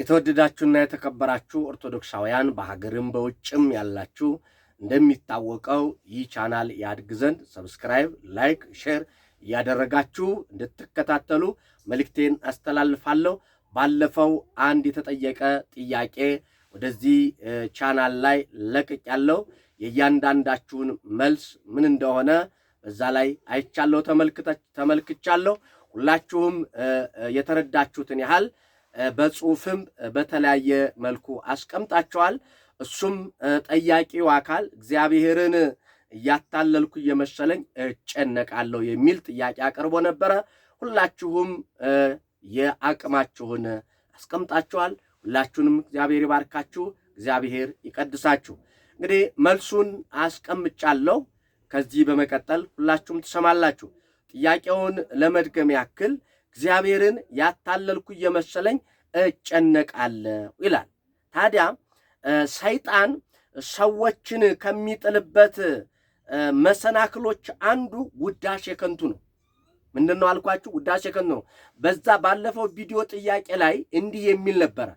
የተወደዳችሁና የተከበራችሁ ኦርቶዶክሳውያን በሀገርም በውጭም ያላችሁ እንደሚታወቀው ይህ ቻናል ያድግ ዘንድ ሰብስክራይብ፣ ላይክ፣ ሼር እያደረጋችሁ እንድትከታተሉ መልእክቴን አስተላልፋለሁ። ባለፈው አንድ የተጠየቀ ጥያቄ ወደዚህ ቻናል ላይ ለቅቅ ያለው የእያንዳንዳችሁን መልስ ምን እንደሆነ በዛ ላይ አይቻለሁ፣ ተመልክቻለሁ። ሁላችሁም የተረዳችሁትን ያህል በጽሁፍም በተለያየ መልኩ አስቀምጣቸዋል። እሱም ጠያቂው አካል እግዚአብሔርን እያታለልኩ እየመሰለኝ እጨነቃለሁ የሚል ጥያቄ አቅርቦ ነበረ። ሁላችሁም የአቅማችሁን አስቀምጣችኋል። ሁላችሁንም እግዚአብሔር ይባርካችሁ፣ እግዚአብሔር ይቀድሳችሁ። እንግዲህ መልሱን አስቀምጫለሁ። ከዚህ በመቀጠል ሁላችሁም ትሰማላችሁ። ጥያቄውን ለመድገም ያክል እግዚአብሔርን ያታለልኩ እየመሰለኝ እጨነቃለሁ ይላል። ታዲያ ሰይጣን ሰዎችን ከሚጥልበት መሰናክሎች አንዱ ውዳሴ ከንቱ ነው። ምንድን ነው አልኳችሁ? ውዳሴ ከንቱ ነው። በዛ ባለፈው ቪዲዮ ጥያቄ ላይ እንዲህ የሚል ነበረ፣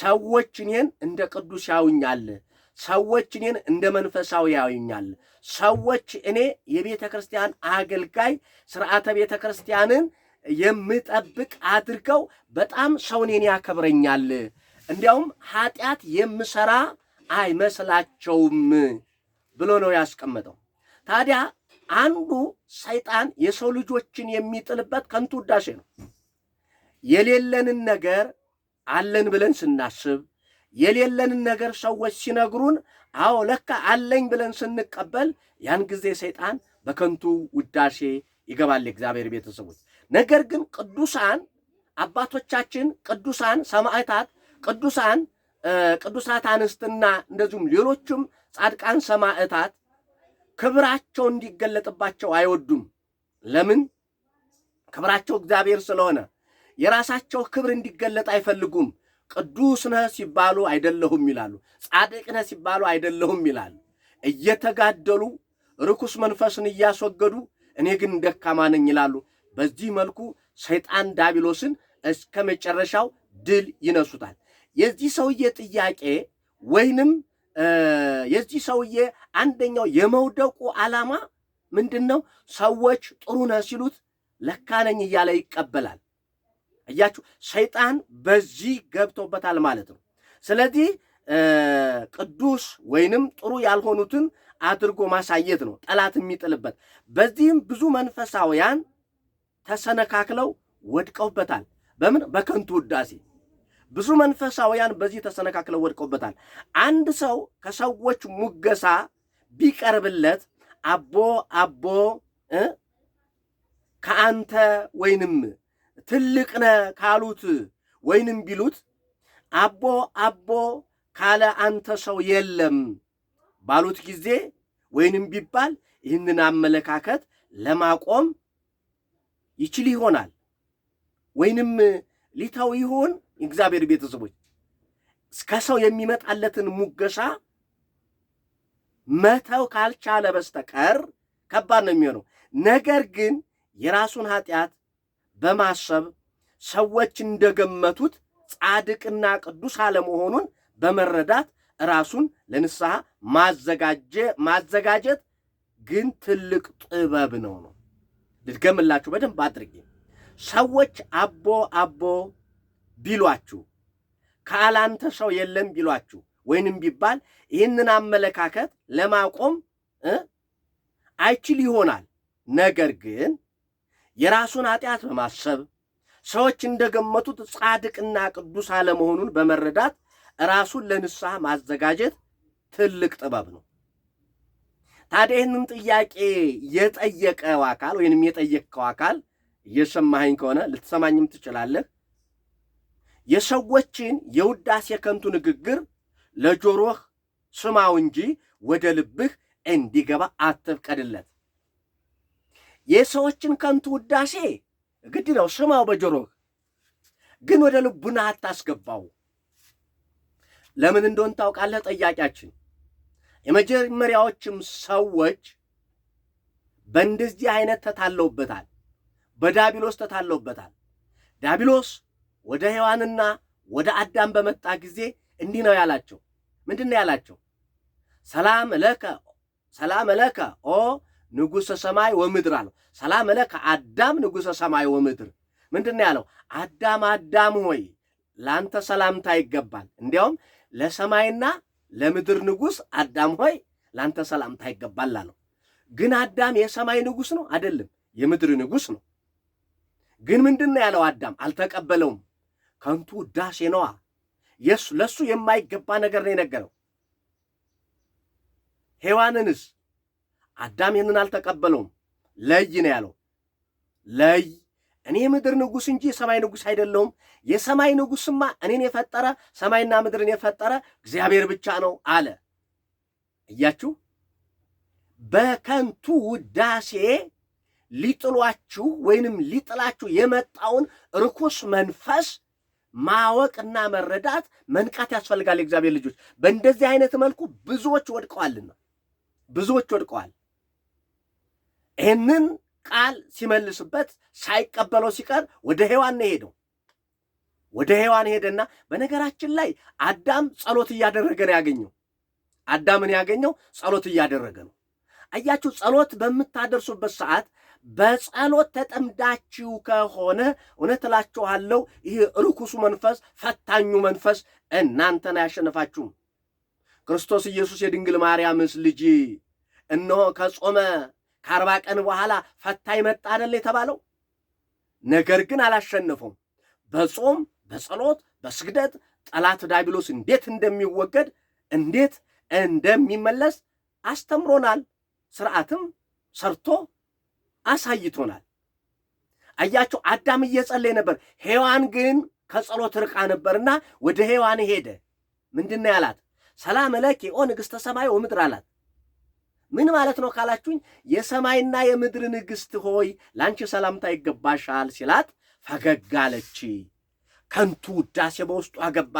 ሰዎች እኔን እንደ ቅዱስ ያዩኛል፣ ሰዎች እኔን እንደ መንፈሳዊ ያዩኛል፣ ሰዎች እኔ የቤተ ክርስቲያን አገልጋይ ስርዓተ ቤተ ክርስቲያንን የምጠብቅ አድርገው በጣም ሰው እኔን ያከብረኛል። እንዲያውም ኃጢአት የምሰራ አይመስላቸውም ብሎ ነው ያስቀመጠው። ታዲያ አንዱ ሰይጣን የሰው ልጆችን የሚጥልበት ከንቱ ውዳሴ ነው። የሌለንን ነገር አለን ብለን ስናስብ፣ የሌለንን ነገር ሰዎች ሲነግሩን፣ አዎ ለካ አለኝ ብለን ስንቀበል፣ ያን ጊዜ ሰይጣን በከንቱ ውዳሴ ይገባል። እግዚአብሔር ቤተሰቦች ነገር ግን ቅዱሳን አባቶቻችን ቅዱሳን ሰማዕታት፣ ቅዱሳን ቅዱሳት አንስትና እንደዚሁም ሌሎችም ጻድቃን ሰማዕታት ክብራቸው እንዲገለጥባቸው አይወዱም። ለምን? ክብራቸው እግዚአብሔር ስለሆነ የራሳቸው ክብር እንዲገለጥ አይፈልጉም። ቅዱስ ነህ ሲባሉ አይደለሁም ይላሉ። ጻድቅ ነህ ሲባሉ አይደለሁም ይላሉ። እየተጋደሉ ርኩስ መንፈስን እያስወገዱ እኔ ግን ደካማ ነኝ ይላሉ። በዚህ መልኩ ሰይጣን ዳቢሎስን እስከ መጨረሻው ድል ይነሱታል። የዚህ ሰውዬ ጥያቄ ወይንም የዚህ ሰውዬ አንደኛው የመውደቁ ዓላማ ምንድን ነው? ሰዎች ጥሩ ነህ ሲሉት ለካነኝ እያለ ይቀበላል። እያችሁ ሰይጣን በዚህ ገብቶበታል ማለት ነው። ስለዚህ ቅዱስ ወይንም ጥሩ ያልሆኑትን አድርጎ ማሳየት ነው ጠላት የሚጥልበት። በዚህም ብዙ መንፈሳውያን ተሰነካክለው ወድቀውበታል። በምን በከንቱ ውዳሴ ብዙ መንፈሳውያን በዚህ ተሰነካክለው ወድቀውበታል። አንድ ሰው ከሰዎች ሙገሳ ቢቀርብለት አቦ አቦ ከአንተ ወይንም ትልቅ ነ ካሉት ወይንም ቢሉት አቦ አቦ ካለ አንተ ሰው የለም ባሉት ጊዜ ወይንም ቢባል ይህንን አመለካከት ለማቆም ይችል ይሆናል ወይንም ሊታው ይሆን? እግዚአብሔር ቤተሰቦች ከሰው የሚመጣለትን ሙገሳ መተው ካልቻለ በስተቀር ከባድ ነው የሚሆነው። ነገር ግን የራሱን ኃጢአት በማሰብ ሰዎች እንደገመቱት ጻድቅና ቅዱስ አለመሆኑን በመረዳት ራሱን ለንስሐ ማዘጋጀት ግን ትልቅ ጥበብ ነው ነው ልድገምላችሁ በደንብ አድርጌ። ሰዎች አቦ አቦ ቢሏችሁ ከአላንተ ሰው የለም ቢሏችሁ ወይንም ቢባል ይህንን አመለካከት ለማቆም አይችል ይሆናል። ነገር ግን የራሱን ኃጢአት በማሰብ ሰዎች እንደገመቱት ጻድቅና ቅዱስ አለመሆኑን በመረዳት ራሱን ለንስሐ ማዘጋጀት ትልቅ ጥበብ ነው። ታዲያ ይህንን ጥያቄ የጠየቀው አካል ወይንም የጠየቅከው አካል እየሰማኸኝ ከሆነ ልትሰማኝም ትችላለህ። የሰዎችን የውዳሴ ከንቱ ንግግር ለጆሮህ ስማው እንጂ ወደ ልብህ እንዲገባ አትፍቀድለት። የሰዎችን ከንቱ ውዳሴ ግድ ነው ስማው በጆሮህ ግን ወደ ልቡና አታስገባው። ለምን እንደሆን ታውቃለህ? ጠያቂያችን የመጀመሪያዎችም ሰዎች በእንደዚህ አይነት ተታለውበታል፣ በዳቢሎስ ተታለውበታል። ዳቢሎስ ወደ ሔዋንና ወደ አዳም በመጣ ጊዜ እንዲህ ነው ያላቸው። ምንድን ነው ያላቸው? ሰላም ለከ ሰላም ለከ ኦ ንጉሠ ሰማይ ወምድር አለው። ሰላም ለከ አዳም ንጉሠ ሰማይ ወምድር። ምንድን ነው ያለው? አዳም አዳም ሆይ ለአንተ ሰላምታ ይገባል። እንዲያውም ለሰማይና ለምድር ንጉሥ አዳም ሆይ ላንተ ሰላምታ ይገባል አለው። ግን አዳም የሰማይ ንጉሥ ነው አይደለም፣ የምድር ንጉሥ ነው። ግን ምንድን ነው ያለው? አዳም አልተቀበለውም። ከንቱ ውዳሴ ነዋ። የሱ ለሱ የማይገባ ነገር ነው የነገረው። ሔዋንንስ አዳም ይህንን አልተቀበለውም። ለይ ነው ያለው። ለይ እኔ የምድር ንጉስ እንጂ የሰማይ ንጉስ አይደለሁም። የሰማይ ንጉስማ እኔን የፈጠረ ሰማይና ምድርን የፈጠረ እግዚአብሔር ብቻ ነው አለ። እያችሁ በከንቱ ውዳሴ ሊጥሏችሁ ወይንም ሊጥላችሁ የመጣውን ርኩስ መንፈስ ማወቅና መረዳት መንቃት ያስፈልጋል። የእግዚአብሔር ልጆች በእንደዚህ አይነት መልኩ ብዙዎች ወድቀዋልና ብዙዎች ወድቀዋል። ይህንን ቃል ሲመልስበት ሳይቀበለው ሲቀር ወደ ሔዋን ነው ሄደው ወደ ሔዋን ሄደና በነገራችን ላይ አዳም ጸሎት እያደረገ ነው ያገኘው። አዳምን ያገኘው ጸሎት እያደረገ ነው። አያችሁ፣ ጸሎት በምታደርሱበት ሰዓት በጸሎት ተጠምዳችሁ ከሆነ እውነት እላችኋለሁ ይህ ርኩሱ መንፈስ፣ ፈታኙ መንፈስ እናንተን አያሸንፋችሁም። ክርስቶስ ኢየሱስ የድንግል ማርያምስ ልጅ እነሆ ከጾመ ከአርባ ቀን በኋላ ፈታይ መጣ አይደል የተባለው። ነገር ግን አላሸነፈውም። በጾም በጸሎት በስግደት ጠላት ዳቢሎስ እንዴት እንደሚወገድ እንዴት እንደሚመለስ አስተምሮናል። ስርዓትም ሰርቶ አሳይቶናል። አያቸው አዳም እየጸለየ ነበር። ሔዋን ግን ከጸሎት ርቃ ነበርና ወደ ሔዋን ሄደ። ምንድን ያላት? ሰላም ለኪ ኦ ንግሥተ ሰማይ ወምድር አላት። ምን ማለት ነው ካላችሁኝ፣ የሰማይና የምድር ንግሥት ሆይ ላንቺ ሰላምታ ይገባሻል ሲላት ፈገግ አለች። ከንቱ ውዳሴ በውስጡ አገባ።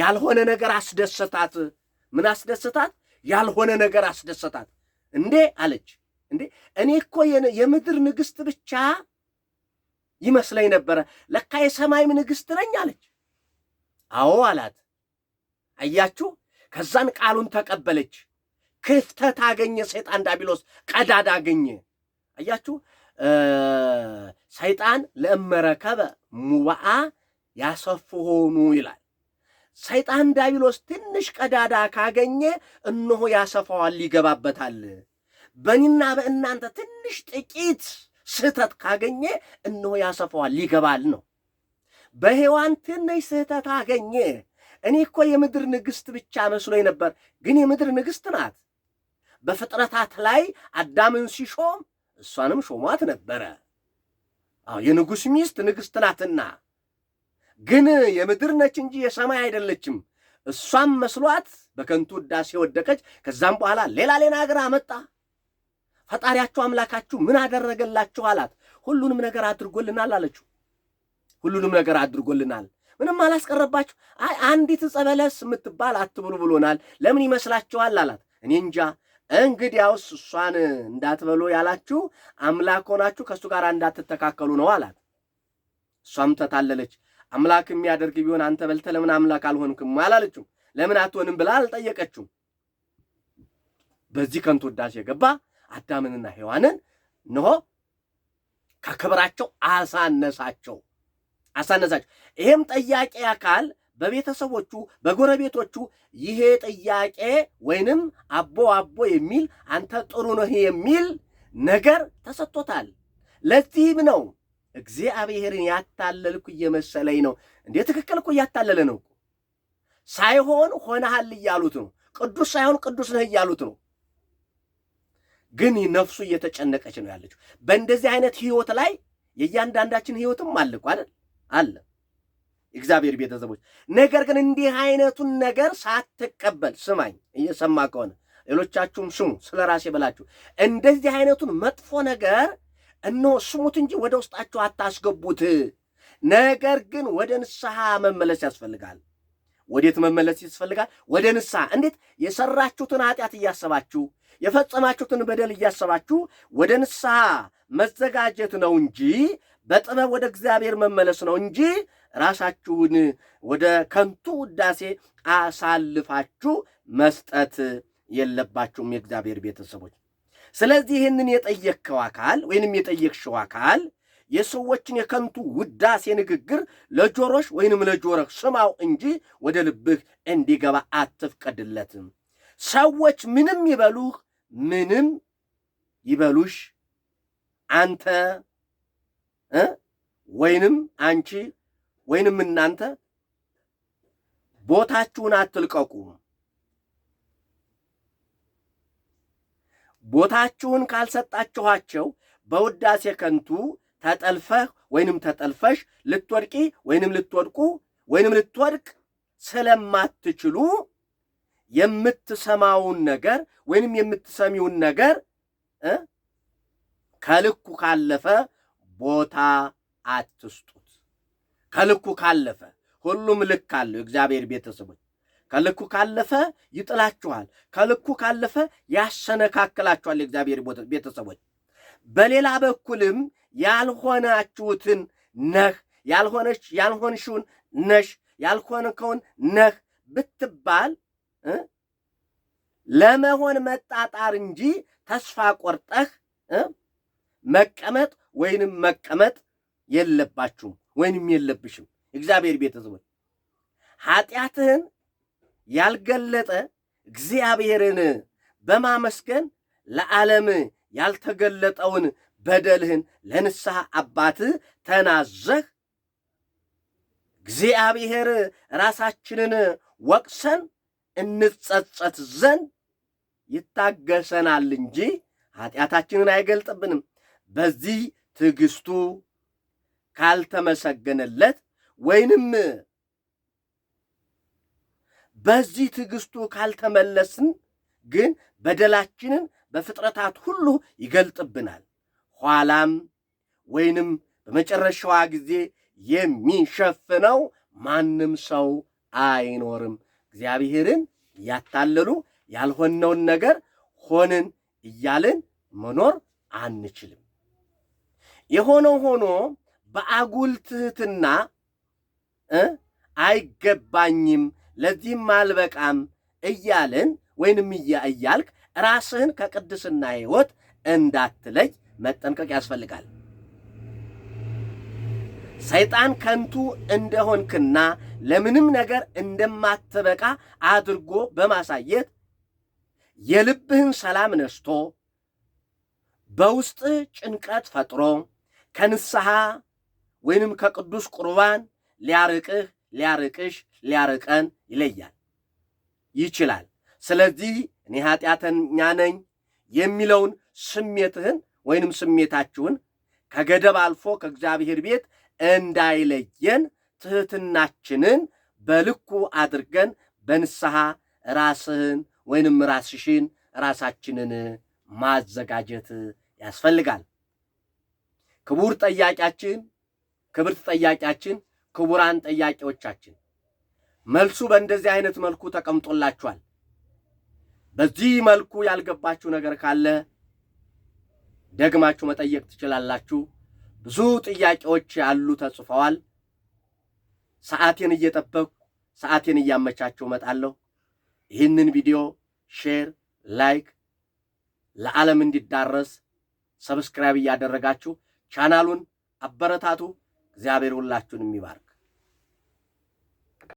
ያልሆነ ነገር አስደሰታት። ምን አስደሰታት? ያልሆነ ነገር አስደሰታት። እንዴ አለች። እንዴ እኔ እኮ የምድር ንግሥት ብቻ ይመስለኝ ነበረ፣ ለካ የሰማይም ንግሥት ነኝ አለች። አዎ አላት። አያችሁ፣ ከዛን ቃሉን ተቀበለች። ክፍተት አገኘ። ሰይጣን ዳቢሎስ ቀዳዳ አገኘ። አያችሁ ሰይጣን ለእመረከበ ሙባአ ያሰፉ ሆኑ ይላል። ሰይጣን ዳቢሎስ ትንሽ ቀዳዳ ካገኘ እነሆ ያሰፋዋል፣ ይገባበታል። በእኔና በእናንተ ትንሽ ጥቂት ስህተት ካገኘ እነሆ ያሰፋዋል፣ ይገባል ነው። በሔዋን ትንሽ ስህተት አገኘ። እኔ እኮ የምድር ንግሥት ብቻ መስሎኝ ነበር፣ ግን የምድር ንግሥት ናት። በፍጥረታት ላይ አዳምን ሲሾም እሷንም ሾሟት ነበረ። አዎ የንጉሥ ሚስት ንግሥት ናትና፣ ግን የምድር ነች እንጂ የሰማይ አይደለችም። እሷም መስሏት በከንቱ ውዳሴ ወደቀች። ከዛም በኋላ ሌላ ሌላ ነገር አመጣ። ፈጣሪያችሁ አምላካችሁ ምን አደረገላችሁ አላት። ሁሉንም ነገር አድርጎልናል አለችው። ሁሉንም ነገር አድርጎልናል፣ ምንም አላስቀረባችሁ። አይ አንዲት ዕፀ በለስ የምትባል አትብሉ ብሎናል። ለምን ይመስላችኋል አላት። እኔ እንጃ እንግዲያውስ እሷን እንዳትበሉ ያላችሁ አምላክ ሆናችሁ ከእሱ ጋር እንዳትተካከሉ ነው አላት። እሷም ተታለለች። አምላክ የሚያደርግ ቢሆን አንተ በልተ ለምን አምላክ አልሆንክም አላለችው። ለምን አትሆንም ብላ አልጠየቀችው። በዚህ ከንቱ ውዳሴ የገባ አዳምንና ሔዋንን እንሆ ከክብራቸው አሳነሳቸው አሳነሳቸው። ይሄም ጠያቂ አካል በቤተሰቦቹ በጎረቤቶቹ ይሄ ጥያቄ ወይንም አቦ አቦ የሚል አንተ ጥሩ ነህ የሚል ነገር ተሰጥቶታል። ለዚህም ነው እግዚአብሔርን ያታለልኩ እየመሰለኝ ነው። እንዴ ትክክል እኮ እያታለለ ነው። ሳይሆን ሆነሃል እያሉት ነው። ቅዱስ ሳይሆን ቅዱስ ነህ እያሉት ነው። ግን ነፍሱ እየተጨነቀች ነው ያለችው። በእንደዚህ አይነት ህይወት ላይ የእያንዳንዳችን ህይወትም አለ እኮ አይደል? አለ እግዚአብሔር ቤተሰቦች፣ ነገር ግን እንዲህ አይነቱን ነገር ሳትቀበል ስማኝ፣ እየሰማ ከሆነ ሌሎቻችሁም ስሙ፣ ስለ ራሴ በላችሁ። እንደዚህ አይነቱን መጥፎ ነገር እነሆ ስሙት እንጂ ወደ ውስጣችሁ አታስገቡት። ነገር ግን ወደ ንስሐ መመለስ ያስፈልጋል። ወዴት መመለስ ያስፈልጋል? ወደ ንስሐ። እንዴት? የሰራችሁትን ኃጢአት እያሰባችሁ የፈጸማችሁትን በደል እያሰባችሁ ወደ ንስሐ መዘጋጀት ነው እንጂ በጥበብ ወደ እግዚአብሔር መመለስ ነው እንጂ ራሳችሁን ወደ ከንቱ ውዳሴ አሳልፋችሁ መስጠት የለባችሁም የእግዚአብሔር ቤተሰቦች። ስለዚህ ይህንን የጠየቅከው አካል ወይንም የጠየቅሽው አካል የሰዎችን የከንቱ ውዳሴ ንግግር ለጆሮሽ ወይንም ለጆሮህ ስማው እንጂ ወደ ልብህ እንዲገባ አትፍቀድለትም። ሰዎች ምንም ይበሉህ ምንም ይበሉሽ አንተ ወይንም አንቺ ወይንም እናንተ ቦታችሁን አትልቀቁ። ቦታችሁን ካልሰጣችኋቸው በውዳሴ ከንቱ ተጠልፈህ ወይንም ተጠልፈሽ ልትወድቂ ወይንም ልትወድቁ ወይንም ልትወድቅ ስለማትችሉ የምትሰማውን ነገር ወይንም የምትሰሚውን ነገር ከልኩ ካለፈ ቦታ አትስጡት። ከልኩ ካለፈ ሁሉም ልክ አለው። እግዚአብሔር ቤተሰቦች ከልኩ ካለፈ ይጥላችኋል። ከልኩ ካለፈ ያሰነካክላችኋል። የእግዚአብሔር ቤተሰቦች በሌላ በኩልም ያልሆናችሁትን ነህ ያልሆነች ያልሆንሽውን ነሽ ያልሆንከውን ነህ ብትባል ለመሆን መጣጣር እንጂ ተስፋ ቆርጠህ መቀመጥ ወይንም መቀመጥ የለባችሁም ወይንም የለብሽም። እግዚአብሔር ቤተሰቦች ኃጢአትህን ያልገለጠ እግዚአብሔርን በማመስገን ለዓለም ያልተገለጠውን በደልህን ለንስሐ አባትህ ተናዘህ እግዚአብሔር ራሳችንን ወቅሰን እንጸጸት ዘንድ ይታገሰናል እንጂ ኃጢአታችንን አይገልጥብንም። በዚህ ትዕግስቱ ካልተመሰገነለት ወይንም በዚህ ትዕግስቱ ካልተመለስን ግን በደላችንን በፍጥረታት ሁሉ ይገልጥብናል። ኋላም ወይንም በመጨረሻዋ ጊዜ የሚሸፍነው ማንም ሰው አይኖርም። እግዚአብሔርን እያታለሉ ያልሆነውን ነገር ሆንን እያልን መኖር አንችልም። የሆነ ሆኖ በአጉል ትህትና አይገባኝም፣ ለዚህም አልበቃም እያልን ወይንም እያልክ ራስህን ከቅድስና ሕይወት እንዳትለይ መጠንቀቅ ያስፈልጋል። ሰይጣን ከንቱ እንደሆንክና ለምንም ነገር እንደማትበቃ አድርጎ በማሳየት የልብህን ሰላም ነስቶ በውስጥህ ጭንቀት ፈጥሮ ከንስሐ ወይንም ከቅዱስ ቁርባን ሊያርቅህ ሊያርቅሽ ሊያርቀን ይለያል ይችላል። ስለዚህ እኔ ኃጢአተኛ ነኝ የሚለውን ስሜትህን ወይንም ስሜታችሁን ከገደብ አልፎ ከእግዚአብሔር ቤት እንዳይለየን ትህትናችንን በልኩ አድርገን በንስሐ ራስህን ወይንም ራስሽን ራሳችንን ማዘጋጀት ያስፈልጋል። ክቡር ጠያቂያችን፣ ክብርት ጠያቂያችን፣ ክቡራን ጠያቂዎቻችን መልሱ በእንደዚህ አይነት መልኩ ተቀምጦላችኋል። በዚህ መልኩ ያልገባችሁ ነገር ካለ ደግማችሁ መጠየቅ ትችላላችሁ። ብዙ ጥያቄዎች ያሉ ተጽፈዋል። ሰዓቴን እየጠበቅኩ ሰዓቴን እያመቻቸው እመጣለሁ። ይህንን ቪዲዮ ሼር፣ ላይክ ለዓለም እንዲዳረስ ሰብስክራይብ እያደረጋችሁ ቻናሉን አበረታቱ። እግዚአብሔር ሁላችሁንም ይባርክ።